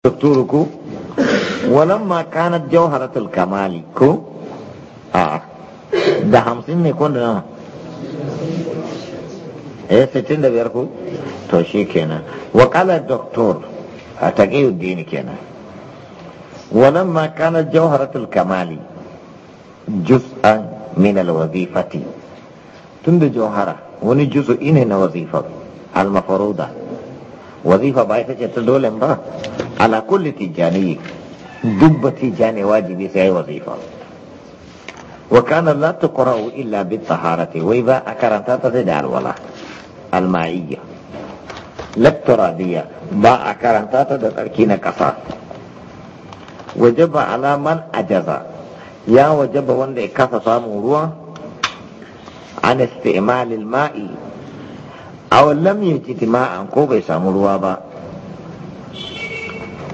ko walan ma kanar jawharatul kamali ko a da hamsin ne kwan da nan ya sittin da biyar ko to shi kenan wa kala doktor a taƙiyar dini kenan walan ma kanar kamali jus'an min alwazifati tun da wani jusu ne na wazifar al-mafaruda. wazifa ba ita ce ta dole ba ala kulli tijani duk ba tijani wajibi sai yi wazifa wa kana la tuqra'u illa bi taharati wai ba a karanta ta sai da alwala alma'iyya latturabiyya ba a karanta ta da tsarki na ƙasa wajaba ala ajaza ya wajaba wanda ya kasa samun ruwa an isti'malil ma'i aw lam yajid ma'an ko bai samu ruwa ba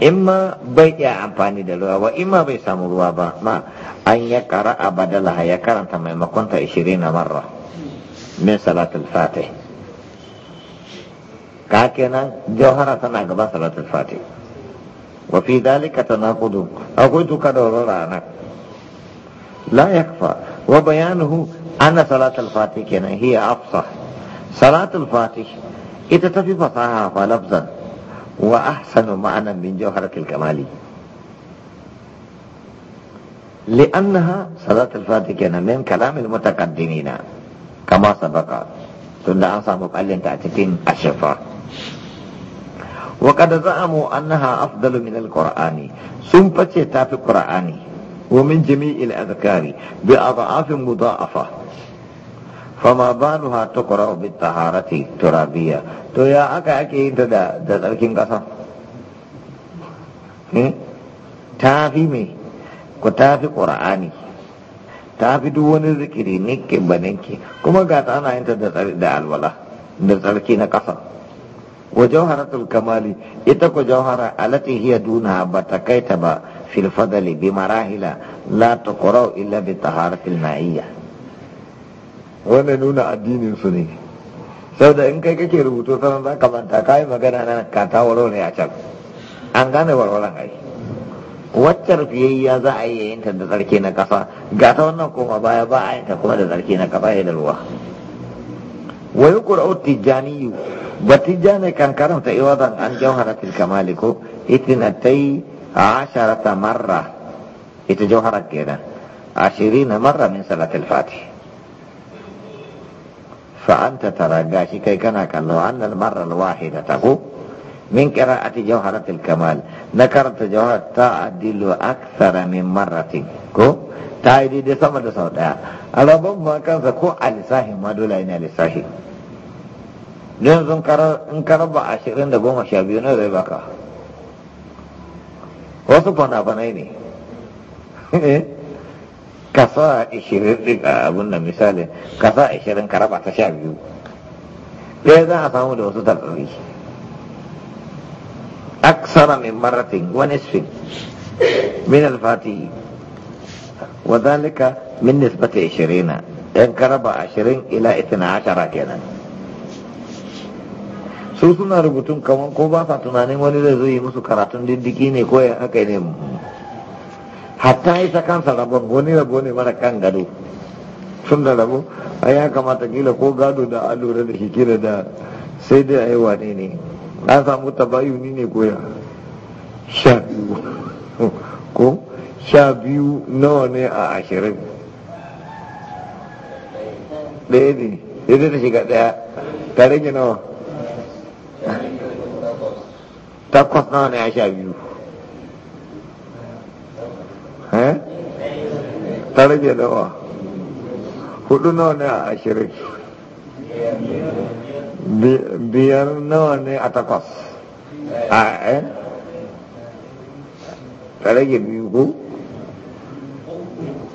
imma bai iya amfani da ruwa ba ma bai samu ruwa ba ma an ya kara a badala ya karanta maimakon ta 20 na marra min salatul fatih ka kenan jauhara tana gaba salatul fatih wa fi dalika tanaqudu akwai duka da rana la yakfa wa bayanuhu anna salatul fatih kenan hiya afsah salatul fatih ita tafi fasaha fa lafzan wa ahsanu ma'anan min jawharatil kamali لأنها صلاة الفاتحة من كلام المتقدمين كما سبق تندع صامب ألين تأتكين الشفاء وقد زعموا أنها أفضل من القرآن سنفتي تافي القرآن ومن جميع الأذكار بأضعاف مضاعفة fama baluha tuqra'u bit taharati turabiyya to ya aka ake yin ta da da tsarkin eh? ta fi me ku ta fi ta fi duk wani zikiri nike baninki kuma ga ta ana yin ta da da alwala da tsarki na kasa wa ita ku jawhara alati hiya duna ba ta kaita ba fil fadali bi marahila la tuqra'u illa bi taharatil ma'iyya wanda nuna addinin su ne saboda in kai kake rubutu sanar za ka manta kayi magana na kata warware a can an gane warwaran ai waccar fiyayya za a yi yayinta da tsarki na kasa ga ta wannan koma baya ba a yanta kuma da tsarki na kasa ya da ruwa wa yuqra'u tijaniyu ba tijjani kan karanta iwadan an jawharatil kamali ko itinatai asharata marra ita jawharar kenan ashirina marra min salatul fatih فأنت ترى قاشي كي كان كاللو أن المرة الواحدة تقول من قراءة جوهرة الكمال نكرت جوهرة تعدل أكثر من مرة كو تعدي دي صمد صوت ألا بم ما كان سكو الساهي ما دولا إن الساهي don sun karaba ashirin da goma sha biyu na zai baka wasu fana ka sa ishirin ɗiga abin da misali ka sa ishirin karaba ta sha biyu ɗaya za a samu da wasu tallafi aksara min maratin wani sfin min alfati wa zalika min nisbata ishirina ɗan karaba ashirin ila itina ashara kenan su suna rubutun kamar ko ba sa tunanin wani zai zo yi musu karatun diddiki ne ko ya haka ne hatta ita kansa rabon goni da goni mara kan gado sun da rabu a ya kamata kila ko gado da allura da shi kira da sai dai a yi wane ne an samu tabayuni ne koya sha biyu ko sha biyu nawa ne a ashirin ɗaya ne yadda ta shiga ɗaya tare ne nawa takwas nawa ne a sha biyu ta rage wa? hudu nawa ne a ashirin biyar nawa ne a takwas a ɗan eh? ta rage biyu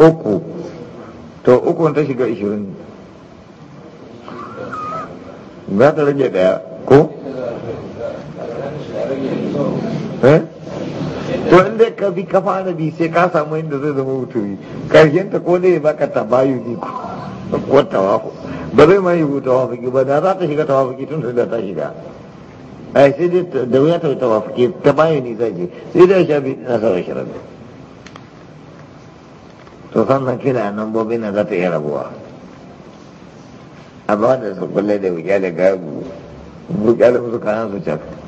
uku to uku ta shiga ashirin za ta rage daya ko eh ka bi ka fara bi sai ka samu inda zai zama mutumi karshen ta ko dai baka bayu ne ko tawafu ba zai ma ta tawafuki ba da za ta shiga tawafuki tun da ta shiga ai sai dai da wuya ta yi ta bayu ne zai je sai dai sha bi na sarar shirar to sannan kira nan bobi na za ta iya rabuwa a ba da su kulle da wuya da gagu wuya da musu kanan su caka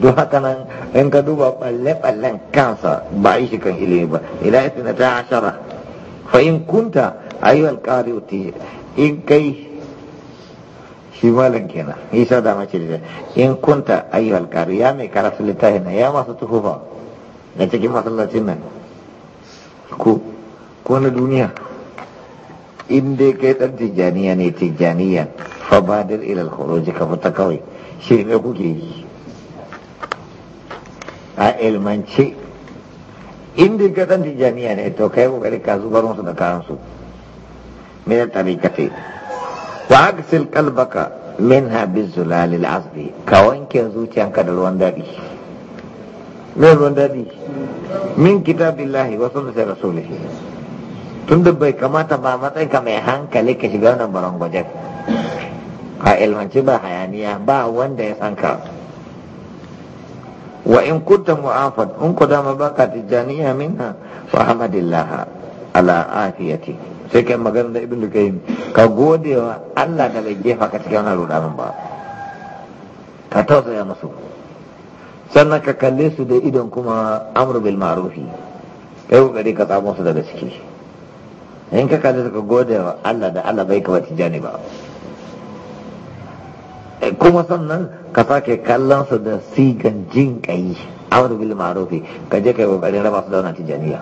don haka nan in ka duba balle-ballen kansa ba yi shi kan ilimi ba ila isna ta ashara fa in kunta ayyuhal qari in kai shi malam kenan isa da mace da in kunta ayyuhal qari ya mai karatu littafin ya masu tuhufa Na cikin masallacin nan ko ko na duniya in dai kai dan tijjaniya ne tijjaniya fa badir ila al-khuruj ka fita kawai shi ne kuke yi a ilmance inda ka san jami'a ne to kai kokari ka zubar musu da kan su min kace wa aksil qalbaka minha bizulal al-asbi ka wanke zuciyanka da ruwan dadi Me ruwan dadi min kitabillahi wa sunnati rasulih tunda bai kamata ba matsayinka mai hankali ka shiga wannan barangwajen a ilmance ba hayaniya ba wanda ya san ka wa in kunta mu'afan in ku dama baka tijaniya minha fa hamdillah ala afiyati sai kai magana da ibnu kayyim ka gode wa Allah da bai jefa ka cikin wannan rudanin ba ka tausaya musu sannan ka kalle su da idon kuma amru bil ma'rufi kai kokari ka tsamo su daga ciki in ka kalle su ka gode wa Allah da Allah bai ka tijani ba eh, kuma sannan kata ke kallon su da sigan jin kai amur bil marufi ka je kai kokari raba su zauna cin jami'a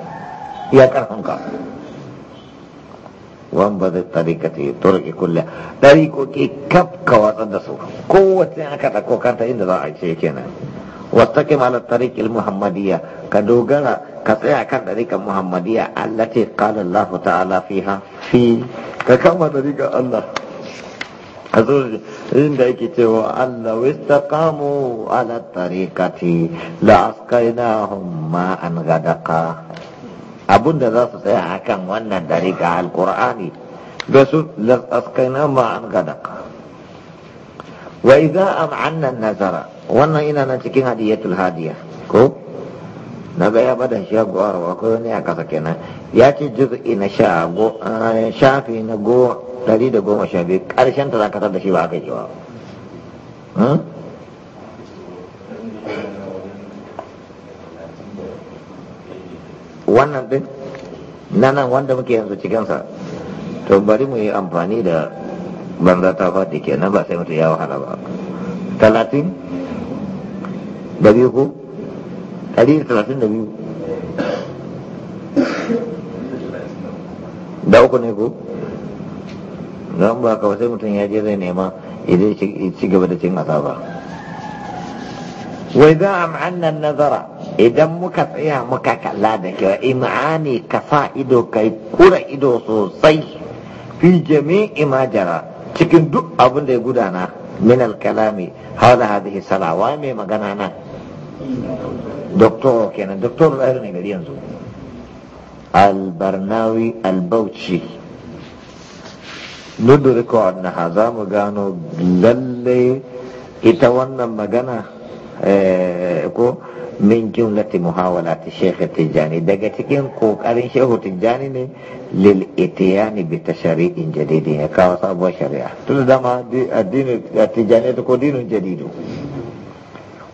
ya karfin ka wan ba zai tarika ta yi turki kulle dari koki kaf ka watsar da su kowace ya ka ko karta inda za a ce ke nan wata ke malar tarikin muhammadiyya ka dogara ka tsaya kan tarikin muhammadiyya allah ce kalin lafi ta'ala fi ha fi ka kama tarikin allah inda yake cewa Allah wistaqamu ala tariqati la askainahum ma an gadaka abunda za su tsaya akan wannan dariqa alqur'ani da su la askainahum ma an gadaka wa idza am'anna nazara wannan ina nan cikin hadiyatul hadiya ko na ga ya bada shago arwa ko ne aka sake nan ya ce juz'i na shago shafi na go ɗari da goma sha biyu ƙarshen ta zakatar da shi ba aka yi ba hmm? wannan ɗin na nan wanda muke yanzu cikinsa to bari mu yi amfani da banza ta ke nan ba sai mutu ya wahala ba talatin da biyu ko ɗari talatin da biyu da uku ne ko zan ba kawai sai mutum ya je zai nema idan ci gaba da cin azaba wai za a ma'annan nazara idan muka tsaya muka kalla da kyau imani ka sa ido kai kura ido sosai fi jami imajara cikin duk abin da ya gudana min alkalami hada hadhihi salawa mai magana na doktor kenan doktor ne gari yanzu albarnawi albauchi nuduriko annaha za mu gano lalle ita wannan magana ko min jumlati ta shekh tijjani daga cikin kokarin shehu tijjani ne lil itiyani bi tashari'in jadidi ya kawo sabuwar shari'a tun dama addini tijjani ko dinin jadidu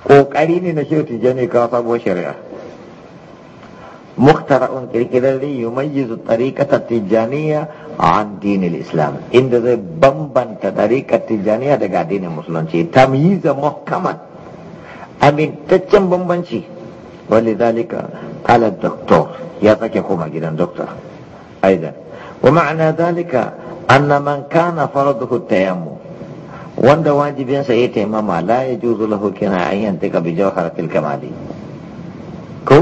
kokari ne na shehu tijjani kawo sabuwar shari'a مخترع كركرري يميز الطريقة التجانية عن دين الإسلام إن ذا بمبن طريقة تجانية دقا دين المسلمين تمييز محكما أمين تتشم بمبنشي ولذلك قال الدكتور يا كما جدا دكتور أيضا ومعنى ذلك أن من كان فرضه التيمم وند واجبين سيئة ماما لا يجوز له كنا أن ينتقى بجوهرة الكمالي كو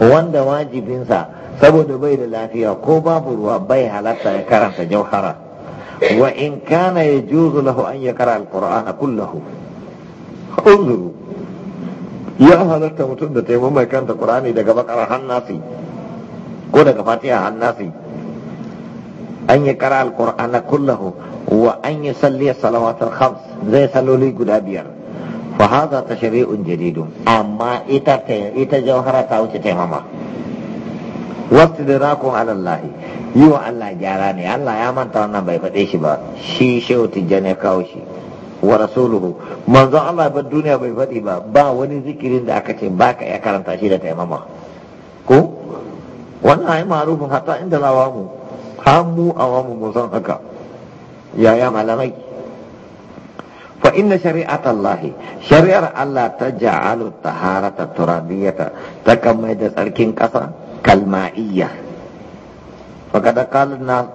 wanda wajibinsa saboda bai da lafiya ko babu ruwa bai halatta ya karanta jauhara wa in kana ya juzu lahu an ya kara a kullahu unzuru ya halatta mutum da taimako mai karanta qur'ani daga bakar hannasi ko daga fatiha hannasi an ya kara a kullahu wa an yi salli salawatar khams zai saloli guda biyar fa ta shari'un jadidun amma ita ita jawhara ta wuce taimama wastidrakun ala Allah yi wa Allah gyara ne Allah ya manta wannan bai faɗe shi ba shi shehu tijjani ya kawo shi wa rasuluhu manzon Allah ba duniya bai faɗi ba ba wani zikirin da aka ce baka ka iya karanta shi da taimama ko wannan ai marufin hatta inda lawamu har mu awamu mu san haka yaya malamai فإن شريعة الله شريعة الله تجعل الطهارة الترابية تكما يتسألكين كسا كالمائية فقد قال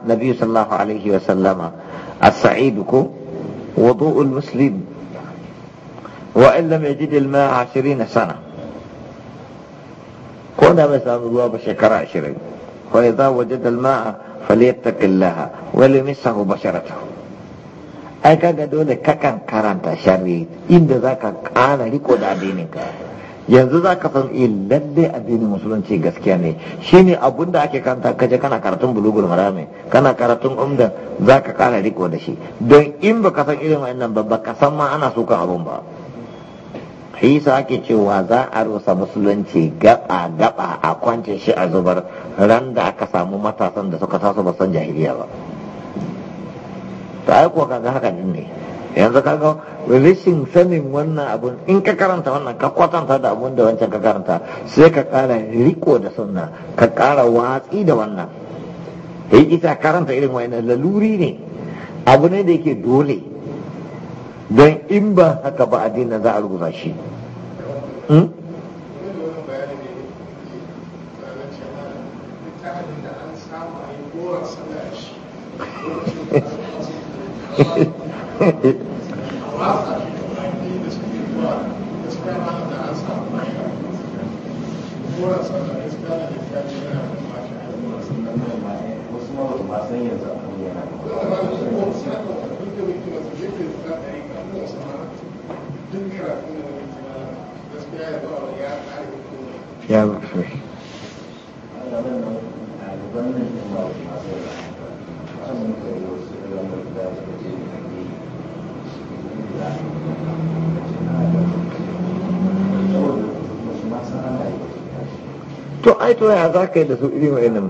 النبي صلى الله عليه وسلم السعيدك وضوء المسلم وإن لم يجد الماء عشرين سنة كنا مثلا الله بشكر عشرين وإذا وجد الماء فليتق الله ولمسه بشرته ai kaga dole kakan karanta sharri inda zaka kara riko da addinin ka yanzu za ka san in eh, lalle addinin musulunci gaskiya ne shine abun da ake kanta kaje kana karatun bulugul marami kana karatun umda za ka kara riko da shi don in ba ka san irin wannan ba ka san ma ana sukan abun ba hisa ake cewa za a rusa musulunci gaba gaba a kwance shi a zubar ran da aka samu matasan da suka taso ba san jahiliya ba to ai kaga haka ne yanzu kaga rashin sanin wannan abun in ka karanta wannan ka kwatanta da abun da wancan ka karanta sai ka kara riko da sunna ka kara watsi da wannan yi isa karanta irin wayannan laluri ne abu ne da yake dole don in ba haka ba a addinin za a rubuta shi hmm? Thank ai tôi ya ra ka yi da su mà em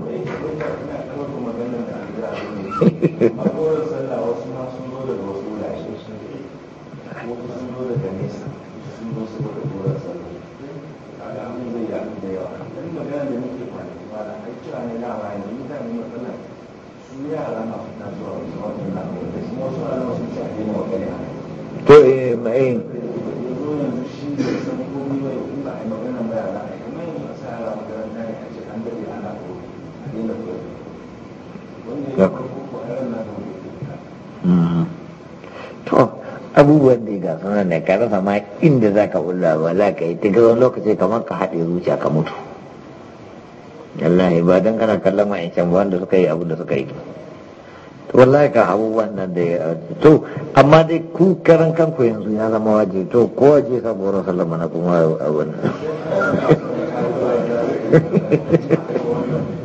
to eh ma'in to abubuwan da ga suna ne ka rasa ma inda za ka wula ba za ka yi ta wani lokaci kamar ka haɗe zuciya ka mutu yallahi ba don kana kallon ma'aikacin ba wanda suka yi abu da suka yi to wallahi ka abubuwan nan da ya to amma dai ku karan kanku yanzu ya zama waje to ko waje ka goro sallama na kuma abin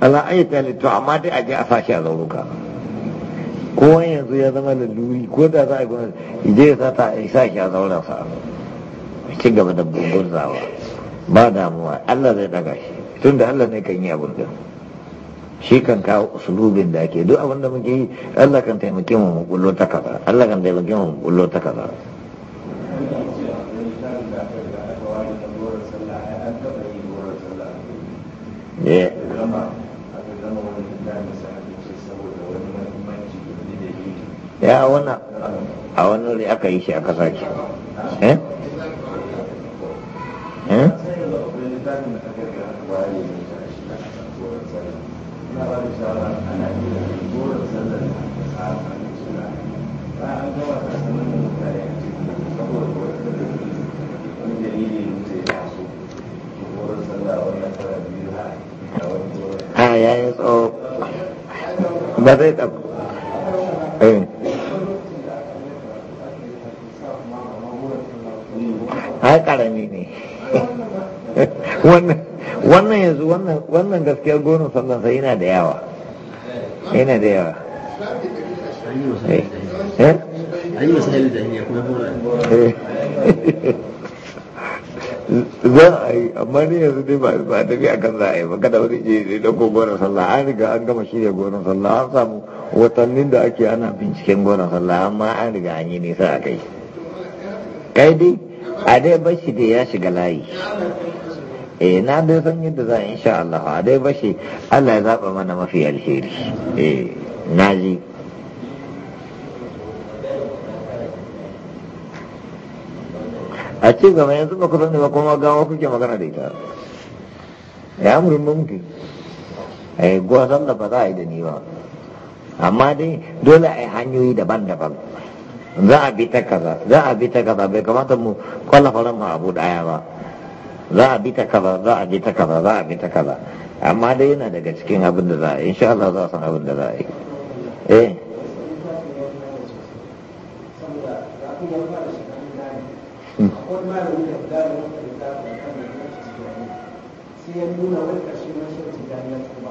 ala ayyuka to amma dai a je a sashi a zauruka ko yanzu ya zama da duri ko da za a gwamnati je ya sata a sa shi a zauren sa ci gaba da zawa. ba damuwa Allah zai daga shi tunda Allah ne kan yi abin da shi kan kawo usulubin da ake duk abin da muke yi Allah kan taimake mu mu kullo ta kaza Allah kan taimake mu mu kullo ta kaza Yeah. ya wana a wani wuri aka yi shi aka sake eh eh a yayin tsawo ba zai ɗauka eh. ai karami ne wannan yanzu wannan gaskiyar gonin sannan sai yana da yawa yana da yawa eh? Eh? za a yi amma ne yanzu dai ba a tafi a kan za a yi ba kada wani je zai dauko gonar sallah an riga an gama shirya gonar sallah an samu watannin da ake ana binciken gonar sallah amma an riga an yi nisa a kai kai dai a dai bashi da ya shiga layi eh na dai san yadda za insha Allah a dai bashi Allah ya zaba mana mafi alheri eh, na ji a ce gaba yanzu ba ku sani ba kuma gawa kuke magana da ita ya murin a eh gwazon da ba za a yi da ni ba amma dai dole a yi hanyoyi daban-daban za a bi ta kaza za a bi ta kaza bai kamata mu kwallafa ran mu abu daya ba za a bi ta kaza za a bi ta kaza za a bi ta kaza amma dai yana daga cikin abin da za a yi insha Allah za a san abin da za a yi eh hmm. sai ya nuna wani ƙarshen mashin tijaniya su ba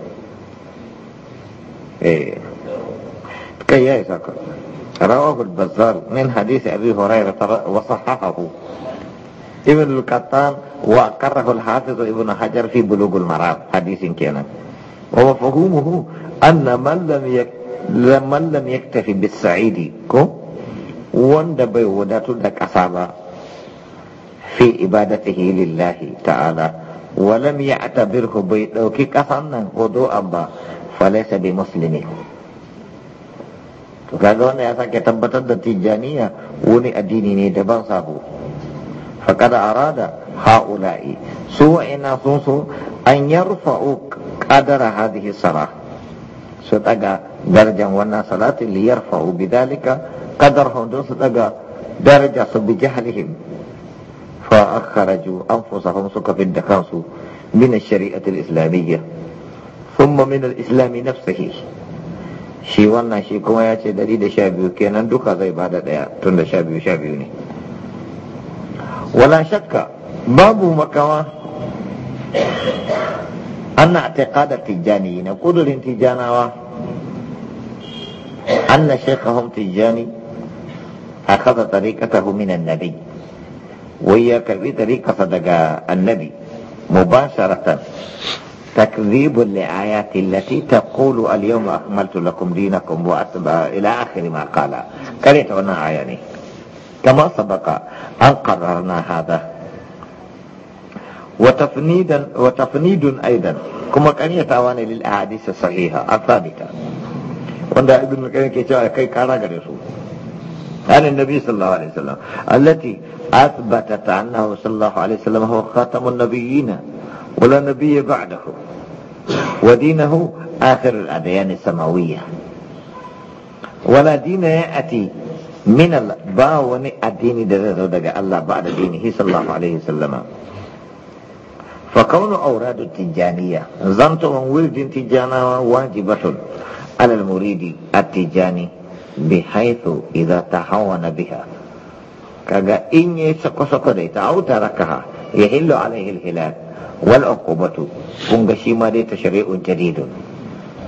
eh kai ya isa ka رواه البزار من حديث أبي هريرة وصححه ابن القطان وأقره الحافظ ابن حجر في بلوغ المرام حديث كان ومفهومه أن من لم يك من لم يكتفي بالسعيد كو وند بيودات لك أصابا في عبادته لله تعالى ولم يعتبره بيت أو كي قصنا قدوء أبا falaisa bi muslimi to kaga wannan ya sake tabbatar da tijaniya wani addini ne daban sabo faqad arada haula'i su ina sun so an yarfa'u qadara hadhihi salah su daga darajan wannan salati li yarfa'u bidalika qadar hundun su daga daraja su bi jahlihim fa akhraju anfusahum suka fidda kansu min ash islamiyya summa min al-islam nafsihi shi wannan shi kuma ya ce dari da sha biyu kenan duka zai bada daya tun da sha biyu sha biyu ne wala shakka babu makawa anna i'tiqada tijani na kudurin tijanawa anna shaykhahum tijani akhadha tariqatahu min an-nabi wa ya karbi tariqata daga annabi mubasharatan تكذيب لآيات التي تقول اليوم أكملت لكم دينكم وأتبع إلى آخر ما قال كريت هنا عياني كما سبق أن قررنا هذا وتفنيدا وتفنيد أيضا كما كان يتواني للأحاديث الصحيحة الثابتة وندى ابن الكريم كي جاء كي كارا قريسو عن النبي صلى الله عليه وسلم التي أثبتت أنه صلى الله عليه وسلم هو خاتم النبيين ولا نبي بعده ودينه آخر الأديان السماوية ولا دين يأتي من الباون الدين دقى الله بعد دينه صلى الله عليه وسلم فكون أوراد التجانية ظنت ولد تجانا واجبة على المريد التجاني بحيث إذا تهاون بها كذا إني سقسق ديتا أو تركها يحل عليه الهلاك wal uqubatu kun ga shi ma dai shari'un jadidun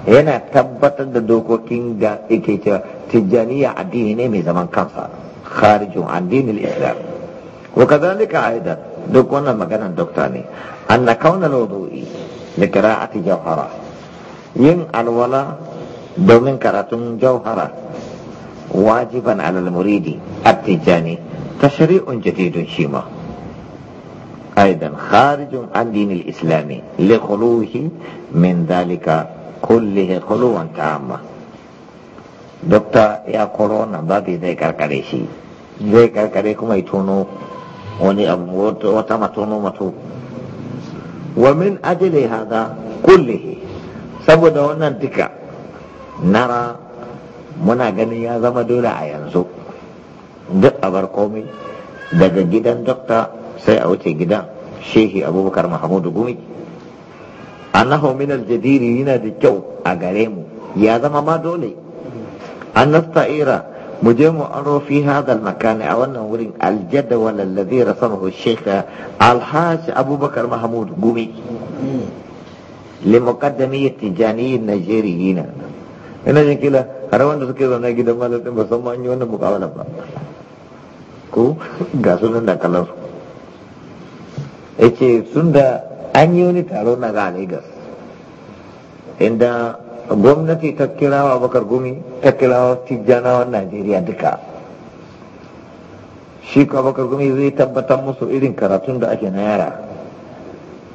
yana tabbatar da dokokin da yake cewa tijjaniya addini ne mai zaman kansa kharijun addinin islam wa kadhalika aidan duk wannan maganar dokta ne anna kauna wudu'i li qira'ati jawhara yin alwala domin karatun jauhara. wajiban alal muridi tijjani. tijani shari'un jadidun shima ايضا خارج عن دين الاسلام لخلوه من ذلك كله خلوا تاما دكتا يا كورونا بابي زي كركريشي زي كركريكم يتونو وني أبو وتمتونو متو ومن اجل هذا كله سبب wannan duka نرى منا غني يا zama dole a yanzu duk abar komai daga gidan dokta sai a wuce gidan shehi abubakar mahamudu gumi annahu min aljadiri yana da kyau a gare mu ya zama ma dole an nasta'ira mu je mu aro fi hadal makani a wannan wurin aljada wal alladhi rasamahu shaykh Alhaji abubakar mahmud gumi li muqaddami tijani najeriyina ina jin kila har wanda suke zaune gidan malamin ba san ma an yi wannan mukawala ba ko ga sunan da kallon Ya ce, sun da an yi wani taro na ga Lagos inda gwamnati ta kirawa bakar gumi ta kirawa tijjanawan Najeriya duka shi ka bakar gumi zai tabbatar musu irin karatun da ake na yara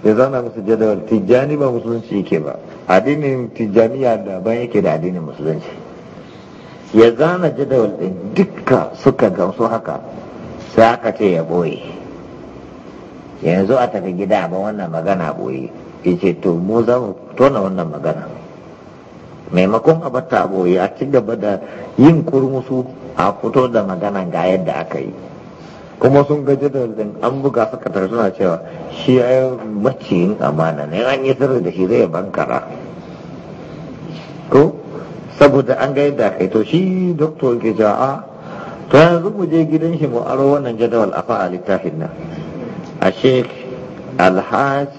ya zana musu jadawal tijjani ba musulunci yake ba addinin tijjaniya ban yake da addinin musulunci ya zana jadawal din duka suka gamsu haka sai aka ce ya boye yanzu a tafi gida ba wannan magana boye yace to mu za mu tona wannan magana maimakon a bata boye a ci gaba da yin kurmusu a fito da magana ga yadda aka yi kuma sun ga jadalin an buga sakatar suna cewa shi ya yi yin amana ne an yi sirri da shi zai bankara ko saboda an ga yadda aka yi to shi doktor ke a? to yanzu mu je gidan shi mu aro wannan jadawal a fa'a littafin nan a Al-Haj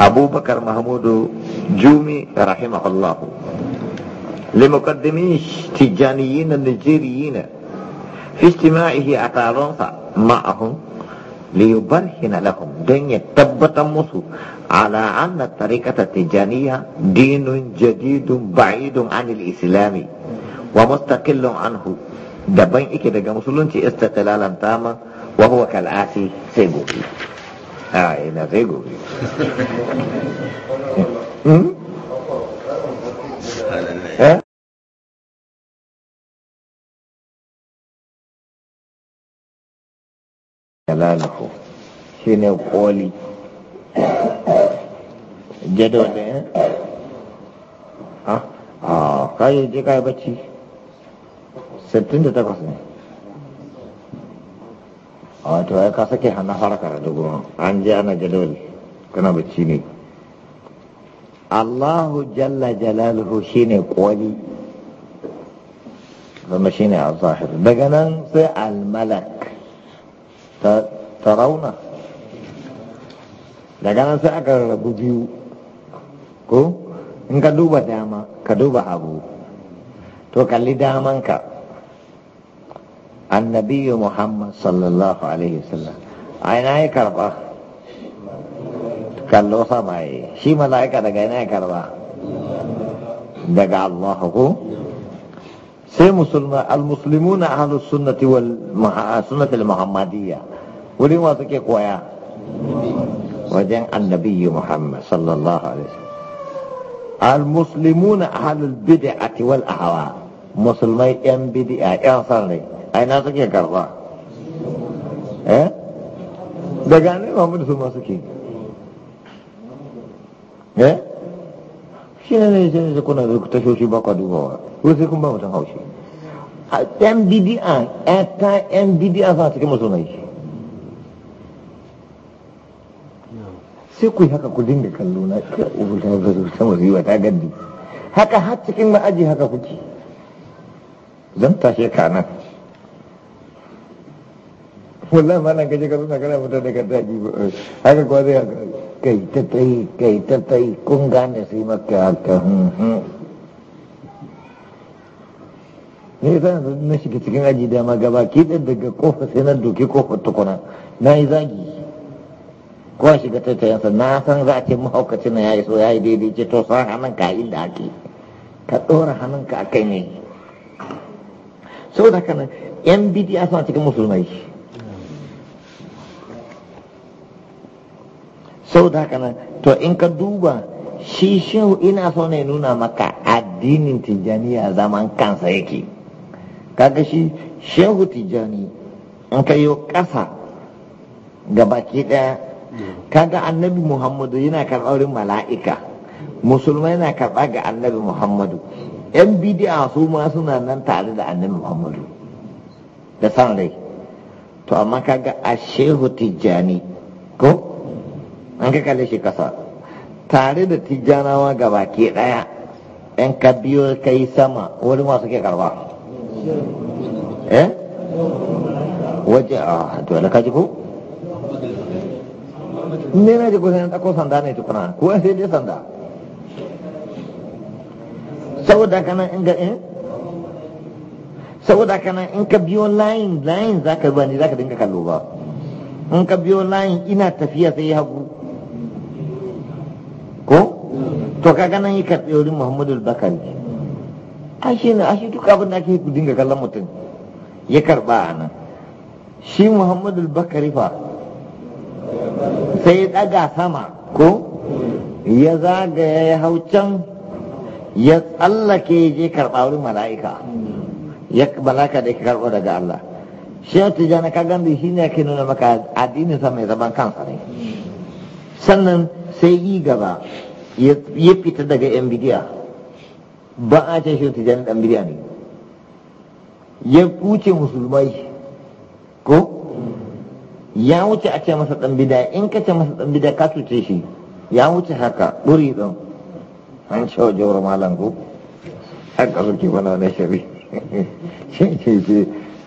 abubakar Mahmudu Jumi Rahimahullahu Limukaddimish Tijaniyina Nijiriyina Fistimaihi Atarofa Ma'ahum Liubarhina lahum Denya tabbatar musu Ala anna tarikata tijaniya Dinun jadidun ba'idun anil islami Wa mustaqillun anhu daban iki daga musulunci istatilalan tamah wa كالآتي kal'asi sai gobe ina hmm? eh? shi ne jado ne eh? a ah, ah, kayan ne wato ya ka sake hannun harkar da gurin an je ana jadawali kana bacci ne Allahu jalla jalaluhu shine kwali zama shine al-zahir daga nan sai al-malak ta rauna daga nan sai aka rabu biyu ko in ka duba dama ka duba abu to kalli damanka annabi Muhammad sallallahu alaihi wasallam aina ya karba kallo sama yi shi mala'ika daga ina ya karba daga Allah ko sai musulma al-muslimuna ahlus sunnati wal sunnati muhammadiyya wurin wa suke koya wajen annabi Muhammad sallallahu alaihi wasallam al-muslimuna ahlul bid'ati wal ahwa musulmai yan bid'a yan san rai aina suke karba eh daga ne muhammadu su ma suke eh shi ne ne shi ne kuna da tashoshi ba kwa dubawa ko sai kun ba mutum haushi a yan bidi'a ta a bidi'a sa na musulmai sai ku haka ku dinga kallo na ta ubuta ga zuwa mu riwa ta gaddi haka har cikin ma'aji haka kuke zan tashe ka wallahi malam kaje ka zauna kana mutar da kaddaki haka kuwa zai haka kai ta tai kai ta tai kun gane sai maka haka ne hmm, hmm. a na shiga cikin aji da ma gaba ki dan daga kofa sai na kofa tukuna na yi zagi ko a shiga tattayansa na san za a ce mahaukacin na yi so yayi daidai ce to san hannun ka da ake ka ɗora hannunka a kai ne saboda haka nan yan bidiya suna cikin musulmai Sau da haka nan to in ka duba shi shehu ina so ne nuna maka addinin tijjaniya zaman kansa yake kaga shi shehu tijjani in ka yi ƙasa ga baki ɗaya kaga annabi muhammadu yana karɓar mala'ika musulmai na karɓa ga annabi muhammadu yan bidiya su ma suna nan tare da annabi muhammadu da san rai to amma kaga a shehu tijjani ko an ka kalle shi kasa tare da tijjanawa ga baki daya yan ka biyo ka yi sama wani masu ke karba eh waje a to ka ji ko ne na ji ko sai na sanda ne tukuna ko sai dai sanda saboda kana in ga in eh? saboda kana in ka biyo layin layin zaka ba ne zaka dinga kallo ba in ka biyo layin ina tafiya sai ya hagu to kaga nan yi karɓe wurin muhammadu Bakar ai shi ne ashe duk abin da ake ku dinga kallon mutum ya karɓa a nan shi muhammadu bakari fa sai ya ɗaga sama ko ya zagaya ya hau can ya tsallake ya je karɓa wurin mala'ika ya mala'ika da ya karɓo daga Allah shi ya na ka gandu shi ne ke nuna maka addinin sa mai zaman kansa ne sannan sai yi gaba ya fita daga yan bidiya ba a ce shi tijanin dan bidiya ne ya kuce musulmai ko ya wuce a ce masa dan bidiya in ka ce masa dan bidiya ka cuce shi ya wuce haka buri don. an ce wa jawar malam ko haka ke bana na shari shi ce ce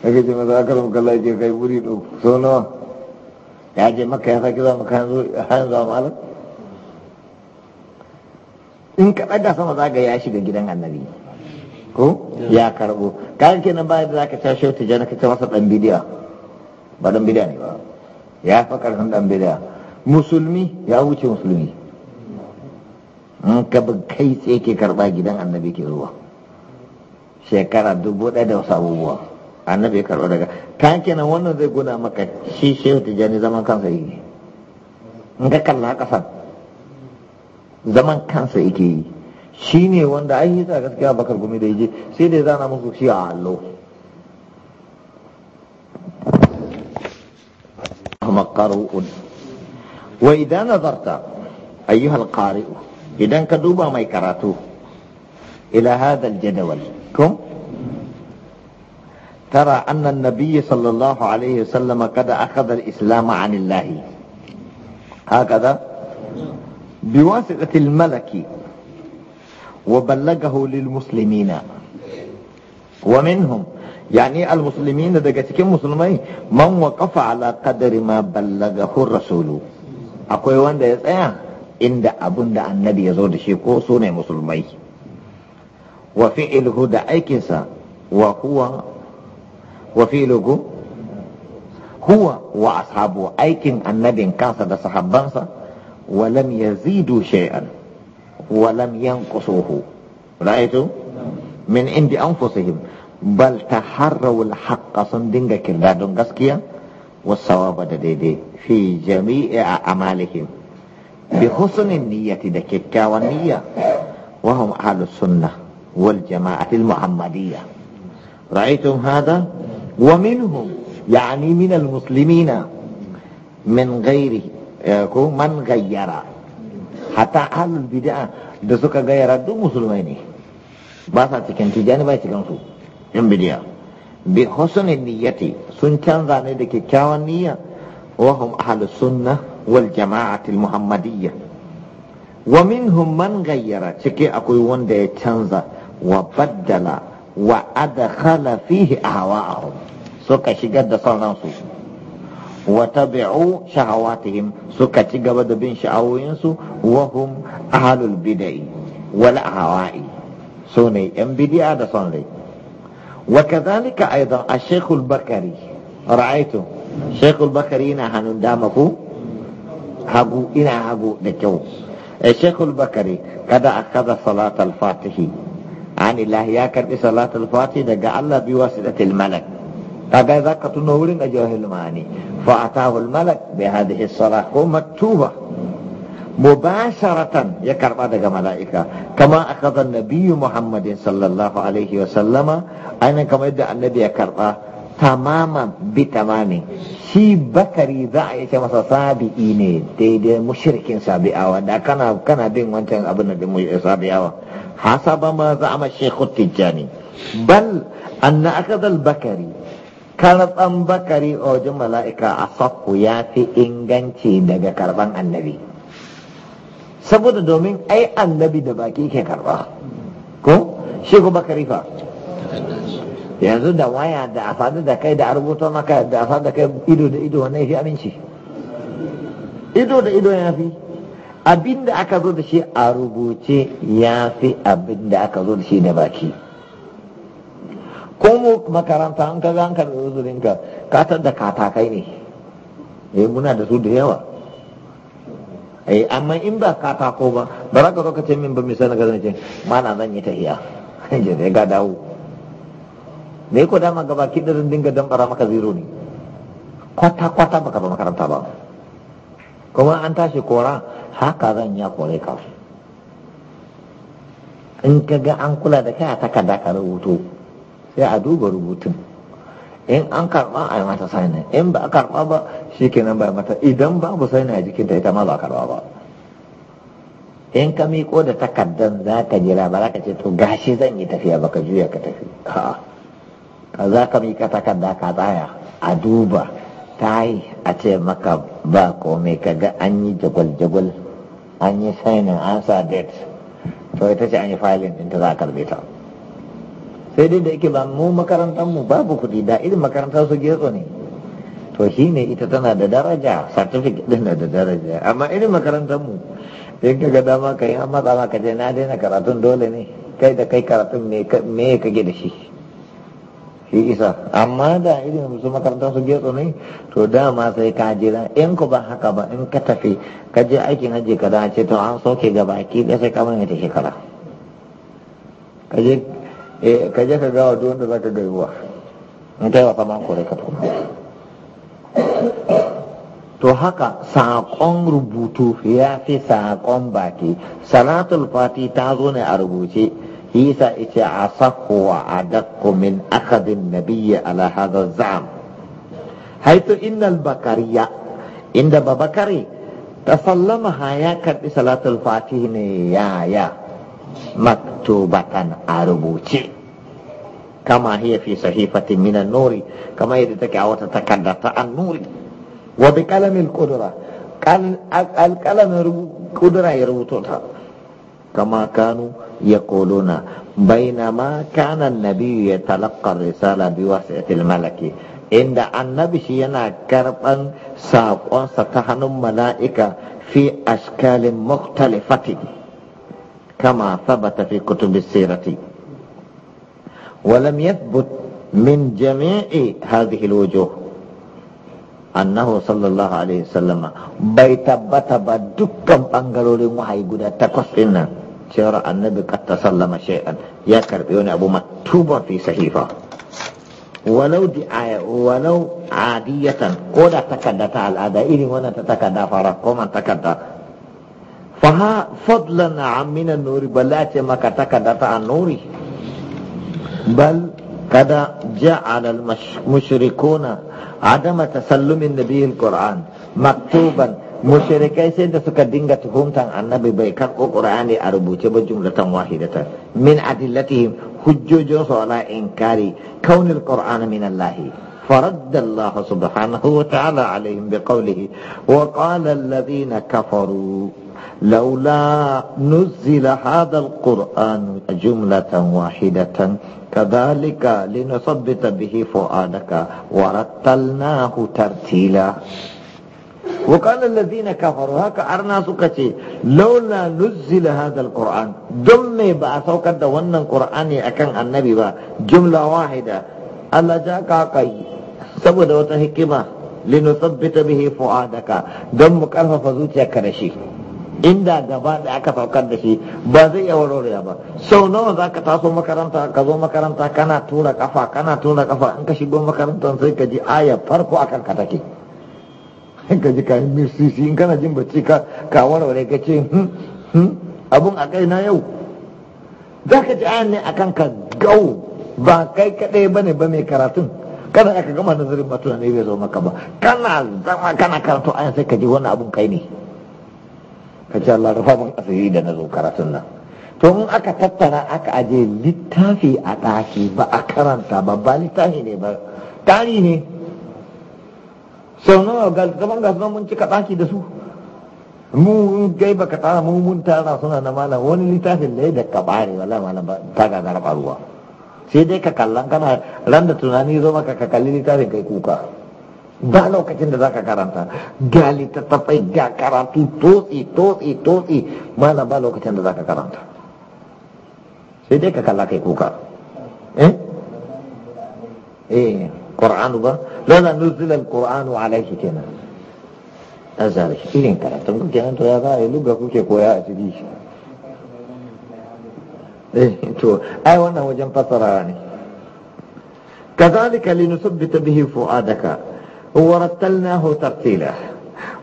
aka ce masa aka ramu kalla ce kai buri ɗin so nawa ya je maka ya sake za mu hanzu malam in ka ɗaga sama za ga ya shiga gidan annabi ko ya karɓo kayan kenan bayan da za ka tashi wata jana ka ce masa ɗan bidiya ba ɗan bidiya ne ba ya fi ƙarfin ɗan bidiya musulmi ya wuce musulmi in ka bi kai tsaye ke karɓa gidan annabi ke zuwa shekara dubu ɗaya da wasu abubuwa annabi ya karɓa daga kayan kenan wannan zai gona maka shi shehu jani zaman kansa yi in ka kalla ƙasar zaman kansa yake yi shi ne wanda an yi sa gaskiya bakar gumi da yaje sai da ya zana musu shi a allo wa idan nazarta ayyuhal qari'u idan ka duba mai karatu ila hadha aljadawal kum ترى أن النبي صلى الله عليه وسلم قد أخذ الإسلام عن الله هكذا بواسطة الملك وبلغه للمسلمين ومنهم يعني المسلمين دقتكم مسلمين من وقف على قدر ما بلغه الرسول akwai wanda ya tsaya inda abunda annabi ya zo da shi ko su ne musulmai wa fi'ilhu da aikinsa wa huwa wa fi'ilhu huwa wa ashabu aikin annabin kansa da sahabbansa ولم يزيدوا شيئا ولم ينقصوه رأيتوا من عند أنفسهم بل تحروا الحق صندنك كلا دون قسكيا والصواب دديدي في جميع أعمالهم بحسن النية دكيكا والنية وهم أهل السنة والجماعة المحمدية رأيتم هذا ومنهم يعني من المسلمين من غير ko man gayyara hatta ahlul bid'a da suka gayyara duk musulmai ne ba sa cikin tijani ba cikin su In bid'a bi husnin niyyati sun canza ne da kyakkyawan niyya wa hum ahlus sunnah wal jama'ati al muhammadiyya wa minhum man gayyara cike akwai wanda ya canza wa baddala wa adkhala fihi ahwa'ahum suka shigar da son ransu wa tabi'u shahawatihim suka ci gaba da bin sha'awoyinsu wa hum ahlul bid'i wal ahwa'i sune yan bid'a da son rai wa kadhalika aidan ash-shaykh al-bakari ra'aytu shaykh bakari na hannun dama ku hagu ina hagu da kyau الشيخ البكري قد أخذ fatihi الفاتح عن ya karbi salatul fatihi daga allah الله بواسطة malak kaga za ka tuno wurin a jihar hulmani fa a tahul malak bai hada hisara ko matuba mubasharatan ya karba daga mala'ika kama aka zan nabiyu muhammadin sallallahu alaihi wa sallama ainihin kamar yadda annabi ya karba tamama bi tamamin shi bakari za a yi masa sabi'i ne daidai mushrikin sabi'awa da kana bin wancan abin da mai sabi'awa hasaba ma za a mashe tijjani bal anna aka bakari karɓan bakari a oh, wajen mala'ika a sakku ya fi inganci daga karɓan annabi saboda domin ai annabi da baki ke karɓa ko shi ku bakari fa yanzu da waya da a da kai da a rubuta maka da a da kai ido da ido wannan fi aminci ido da ido ya fi abin da aka zo da shi a rubuce ya fi abin da aka zo da shi da baki ko mu makaranta an kaga an karɓi uzurinka ka tar da katakai ne eh muna da su da yawa eh amma in ba katako ba ba za ka zo ka ce min ba misali ka zance mana zan yi tahiya je da ga dawo me ko dama gaba ki dirin dinga dan bara maka zero ne kwata kwata baka ba makaranta ba kuma an tashi kora haka zan ya kore ka in ka ga an kula da kai a takarda ka rubuto sai a duba rubutun in an karba a yi mata sainin in ba a karba ba shi kenan ba mata idan babu sai a jikinta ita ma ba karba ba in ka miko da takardan za ka jira ba za ka ce to gashi zan yi tafiya ba ka juya ka tafi ka za ka miƙa takarda ka tsaya a duba ta yi a ce maka ba komai ka ga an yi jagwal-jagwal an yi sainin an sa date to ita ce an yi filin ɗinta za a karbe ta sai dai da yake ba mu makarantar mu babu kuɗi da irin makarantar su getso ne to shi ne ita tana da daraja certificate din da daraja amma irin makarantar mu in ka ga dama ka yi amma tsama ka je na daina karatun dole ne kai da kai karatun me ka ge da shi shi isa amma da irin su makarantar su getso ne to dama sai ka jira in ku ba haka ba in ka tafi ka je aikin hajji ka dace to an soke gaba ki sai ka mai ta shekara ka je eh ka je ka gawa duk wanda zaka gaiwa in kai wa kaman kore ka kuma to haka saƙon rubutu ya fi saƙon baki salatul fati ta zo ne a rubuce Isa ita a sako a dakko min akadin nabiyya ala hada zam haitu innal bakariya inda babakari ta sallama ya karɓi salatul fati ne ya ya maktubatan a rubuce kama hiya fi sahifatin min nuri kama yadda take a wata takarda ta an-nuri wa bi qalamil qudra al-qalamin kudura ya rubuto ta kama kanu ya yaquluna bainama kana an ya yatalaqqa ar-risala bi wasati malaki inda annabi shi yana karban saƙonsa ta hannun mala'ika fi askalin mukhtalifatin كما ثبت في كتب السيرة ولم يثبت من جميع هذه الوجوه أنه صلى الله عليه وسلم بطب بدكا بانجلو لمحي قد تكفلنا شرع النبي قد تسلم شيئا يا كربيون أبو مكتوبا في صحيفة ولو دعاية ولو عادية قد تكدت على هذا إذن وانا تتكدى فرقما تكدى faha fadlan na minan nuri balla ce maka takarda ta a nuri bal kada ja'ala al-mushrikuna adama tasallumin nabiyil qur'an maktuban mushrikai sai da suka dinga tuhumtan annabi bai karɓo qur'ani a rubuce ba jumlatan wahidata min adillatihim hujjojin su ala inkari kaunil qur'ana min allah فرد الله سبحانه وتعالى عليهم بقوله وقال الذين كفروا لولا نزل هذا القرآن جملة واحدة كذلك لنثبت به فؤادك ورتلناه ترتيلا وقال الذين كفروا هكا أرنا سكتي لولا نزل هذا القرآن دم بأسوك دوانا القرآن أكن النبي با جملة واحدة ألا جاك عقي سبو دوتا هكما لنثبت به فؤادك دم كرف فزوتيا كرشي inda gaba da aka saukar da shi ba zai iya warware ba sau nawa za ka taso makaranta ka zo makaranta kana tura kafa kana tura kafa in ka shigo makaranta sai ka ji aya farko akan ka take ka ji ka mirsisi in kana jin bacci ka ka warware ka ce hmm, hmm, abun a kai na yau za ka ji aya ne akan ka gau ba kai kadai ne ba mai karatun kana aka gama nazarin ba ne bai zo maka ba kana zama kana karatu ayan sai ka ji wani abun kai ne ka ce Allah rufa mun asiri da na zo karatun nan to in aka tattara aka aje littafi a ɗaki ba a karanta ba ba littafi ne ba tari ne sau nawa gaban gasunan mun cika ɗaki da su mu gai baka tara mu mun tara suna na malam wani littafin ne da ka bare wala malam ta ga garba sai dai ka kallan kana ran tunani zo maka ka kalli littafin kai kuka ba lokacin da zaka karanta ta tafai ga karatu totsi totsi totsi malam ba lokacin da zaka karanta sai dai ka kalla kai kuka eh eh qur'anu ba lalla nuzila alqur'anu alayhi kenan azar irin karanta ku kenan to ya za a yi lugga kuke koya a ciki eh to ai wannan wajen fasara ne kazalika linusabbita bihi fu'adaka ورتلناه ترتيلا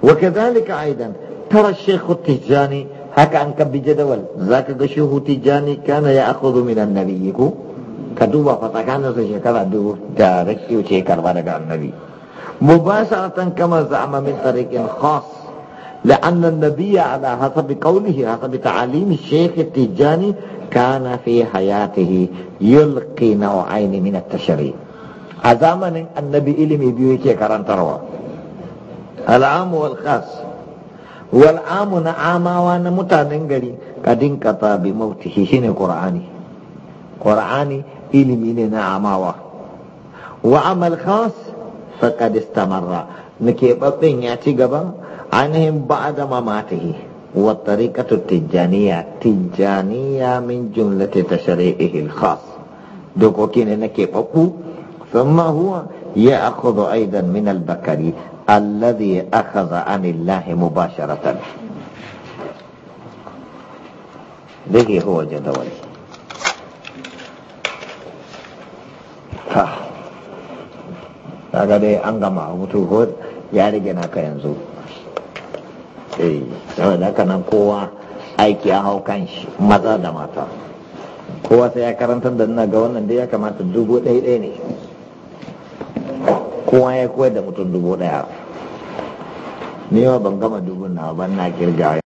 وكذلك أيضا ترى الشيخ التهجاني هكا أنك بجدول ذاك الشيخ التهجاني كان يأخذ من النبي كدوبا فتكان سيشكرا دو تاركي وشيكر ورد النبي مباشرة كما زعم من طريق خاص لأن النبي على حسب قوله حسب تعاليم الشيخ التجاني كان في حياته يلقي نوعين من التشريع a zamanin annabi ilimi biyu yake karantarwa al'amu wal khas wal amu na amawa na mutanen gari kadin kata bi mautihi shine qur'ani ilimi ne na amawa wa amal khas faqad istamarra nake ya ci gaba ainihin ba'da mamatihi والطريقة التجانية تجانية من جملة تشريعه الخاص Dokoki ne na keɓaɓɓu. ثم هو يأخذ أيضا من البكري الذي أخذ عن الله مباشرة به هو جدولي kaga dai an gama mutu ko ya rage naka yanzu eh saboda haka nan kowa aiki a hau kan shi maza da mata kowa sai ya karanta da ina ga wannan da ya kamata dubu ɗaya ɗaya ne kowa ya koyar da mutum dubu daya ne ban gama dubun na ban na kirgawa